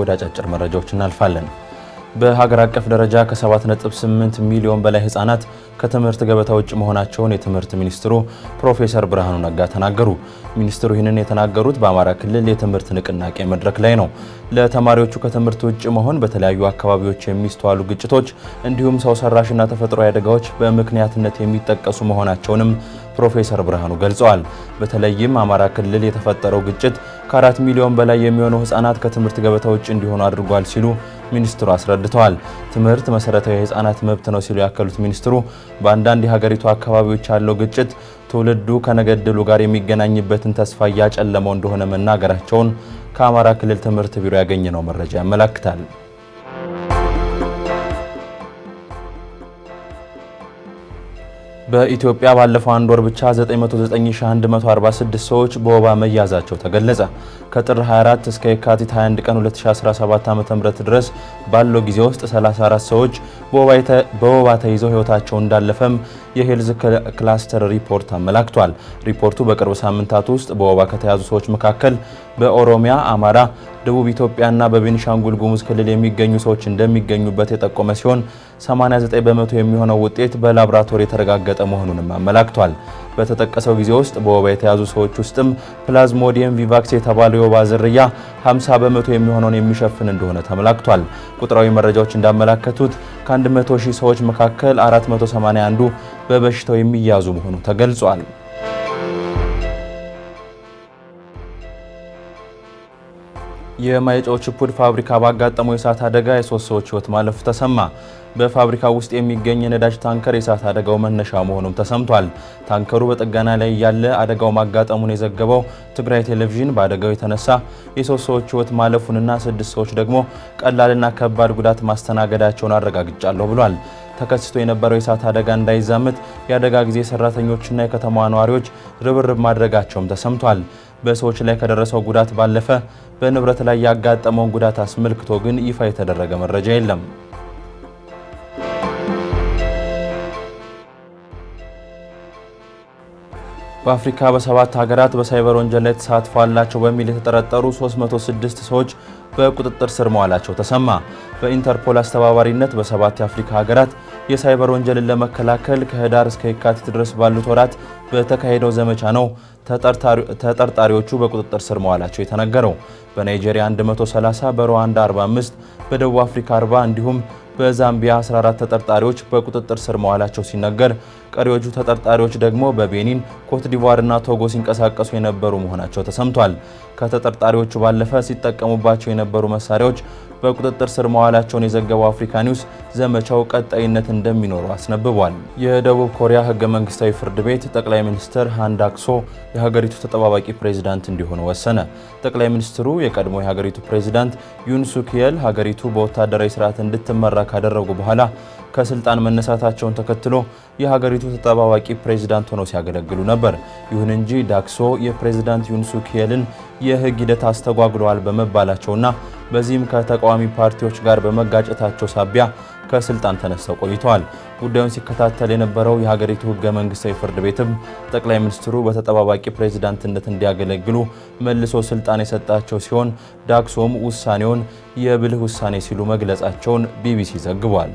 ወደ አጫጭር መረጃዎች እናልፋለን። በሀገር አቀፍ ደረጃ ከ7.8 ሚሊዮን በላይ ህጻናት ከትምህርት ገበታ ውጭ መሆናቸውን የትምህርት ሚኒስትሩ ፕሮፌሰር ብርሃኑ ነጋ ተናገሩ። ሚኒስትሩ ይህንን የተናገሩት በአማራ ክልል የትምህርት ንቅናቄ መድረክ ላይ ነው። ለተማሪዎቹ ከትምህርት ውጭ መሆን በተለያዩ አካባቢዎች የሚስተዋሉ ግጭቶች፣ እንዲሁም ሰው ሰራሽና ተፈጥሯዊ አደጋዎች በምክንያትነት የሚጠቀሱ መሆናቸውንም ፕሮፌሰር ብርሃኑ ገልጸዋል። በተለይም አማራ ክልል የተፈጠረው ግጭት ከአራት ሚሊዮን በላይ የሚሆኑ ህጻናት ከትምህርት ገበታ ውጭ እንዲሆኑ አድርጓል ሲሉ ሚኒስትሩ አስረድተዋል። ትምህርት መሰረታዊ የህጻናት መብት ነው ሲሉ ያከሉት ሚኒስትሩ በአንዳንድ የሀገሪቱ አካባቢዎች ያለው ግጭት ትውልዱ ከነገድሉ ጋር የሚገናኝበትን ተስፋ እያጨለመው እንደሆነ መናገራቸውን ከአማራ ክልል ትምህርት ቢሮ ያገኘነው መረጃ ያመላክታል። በኢትዮጵያ ባለፈው አንድ ወር ብቻ 909146 ሰዎች በወባ መያዛቸው ተገለጸ። ከጥር 24 እስከ የካቲት 21 ቀን 2017 ዓ.ም ድረስ ባለው ጊዜ ውስጥ 34 ሰዎች በወባ ተይዘው ሕይወታቸው እንዳለፈም የሄልዝ ክላስተር ሪፖርት አመላክቷል። ሪፖርቱ በቅርብ ሳምንታት ውስጥ በወባ ከተያዙ ሰዎች መካከል በኦሮሚያ፣ አማራ ደቡብ ኢትዮጵያና በቤኒሻንጉል ጉሙዝ ክልል የሚገኙ ሰዎች እንደሚገኙበት የጠቆመ ሲሆን 89 በመቶ የሚሆነው ውጤት በላብራቶሪ የተረጋገጠ መሆኑንም አመላክቷል። በተጠቀሰው ጊዜ ውስጥ በወባ የተያዙ ሰዎች ውስጥም ፕላዝሞዲየም ቪቫክስ የተባለው የወባ ዝርያ 50 በመቶ የሚሆነውን የሚሸፍን እንደሆነ ተመላክቷል። ቁጥራዊ መረጃዎች እንዳመላከቱት ከ100 ሺህ ሰዎች መካከል 481 በበሽታው የሚያዙ መሆኑ ተገልጿል። የማይጨው ችፑድ ፋብሪካ ባጋጠመው የእሳት አደጋ የሶስት ሰዎች ህይወት ማለፉ ተሰማ። በፋብሪካው ውስጥ የሚገኝ የነዳጅ ታንከር የእሳት አደጋው መነሻ መሆኑም ተሰምቷል። ታንከሩ በጥገና ላይ ያለ አደጋው ማጋጠሙን የዘገበው ትግራይ ቴሌቪዥን በአደጋው የተነሳ የሶስት ሰዎች ህይወት ማለፉንና ስድስት ሰዎች ደግሞ ቀላልና ከባድ ጉዳት ማስተናገዳቸውን አረጋግጫለሁ ብሏል። ተከስቶ የነበረው የእሳት አደጋ እንዳይዛምት የአደጋ ጊዜ ሰራተኞችና የከተማዋ ነዋሪዎች ርብርብ ማድረጋቸውም ተሰምቷል። በሰዎች ላይ ከደረሰው ጉዳት ባለፈ በንብረት ላይ ያጋጠመውን ጉዳት አስመልክቶ ግን ይፋ የተደረገ መረጃ የለም። በአፍሪካ በሰባት ሀገራት በሳይበር ወንጀል ላይ ተሳትፎ አላቸው በሚል የተጠረጠሩ 306 ሰዎች በቁጥጥር ስር መዋላቸው ተሰማ። በኢንተርፖል አስተባባሪነት በሰባት የአፍሪካ ሀገራት የሳይበር ወንጀልን ለመከላከል ከህዳር እስከ የካቲት ድረስ ባሉት ወራት በተካሄደው ዘመቻ ነው ተጠርጣሪዎቹ በቁጥጥር ስር መዋላቸው የተነገረው። በናይጄሪያ 130፣ በሩዋንዳ 45፣ በደቡብ አፍሪካ 40 እንዲሁም በዛምቢያ 14 ተጠርጣሪዎች በቁጥጥር ስር መዋላቸው ሲነገር ቀሪዎቹ ተጠርጣሪዎች ደግሞ በቤኒን ኮት እና ቶጎ ሲንቀሳቀሱ የነበሩ መሆናቸው ተሰምቷል። ከተጠርጣሪዎቹ ባለፈ ሲጠቀሙባቸው የነበሩ መሳሪያዎች በቁጥጥር ስር መዋላቸውን የዘገበው አፍሪካ ኒውስ ዘመቻው ቀጣይነት እንደሚኖሩ አስነብቧል። የደቡብ ኮሪያ ህገ መንግስታዊ ፍርድ ቤት ጠቅላይ ሚኒስትር ሃንዳክሶ የሀገሪቱ ተጠባባቂ ፕሬዚዳንት እንዲሆኑ ወሰነ። ጠቅላይ ሚኒስትሩ የቀድሞ የሀገሪቱ ፕሬዚዳንት ዩንሱክየል ሀገሪቱ በወታደራዊ ስርዓት እንድትመራ ካደረጉ በኋላ ከስልጣን መነሳታቸውን ተከትሎ የሀገሪቱ ሀገሪቱ ተጠባባቂ ፕሬዚዳንት ሆነው ሲያገለግሉ ነበር። ይሁን እንጂ ዳክሶ የፕሬዚዳንት ዩንሱ ኪየልን የህግ ሂደት አስተጓግለዋል በመባላቸውና በዚህም ከተቃዋሚ ፓርቲዎች ጋር በመጋጨታቸው ሳቢያ ከስልጣን ተነስተው ቆይተዋል። ጉዳዩን ሲከታተል የነበረው የሀገሪቱ ህገ መንግስታዊ ፍርድ ቤትም ጠቅላይ ሚኒስትሩ በተጠባባቂ ፕሬዚዳንትነት እንዲያገለግሉ መልሶ ስልጣን የሰጣቸው ሲሆን ዳክሶም ውሳኔውን የብልህ ውሳኔ ሲሉ መግለጻቸውን ቢቢሲ ዘግቧል።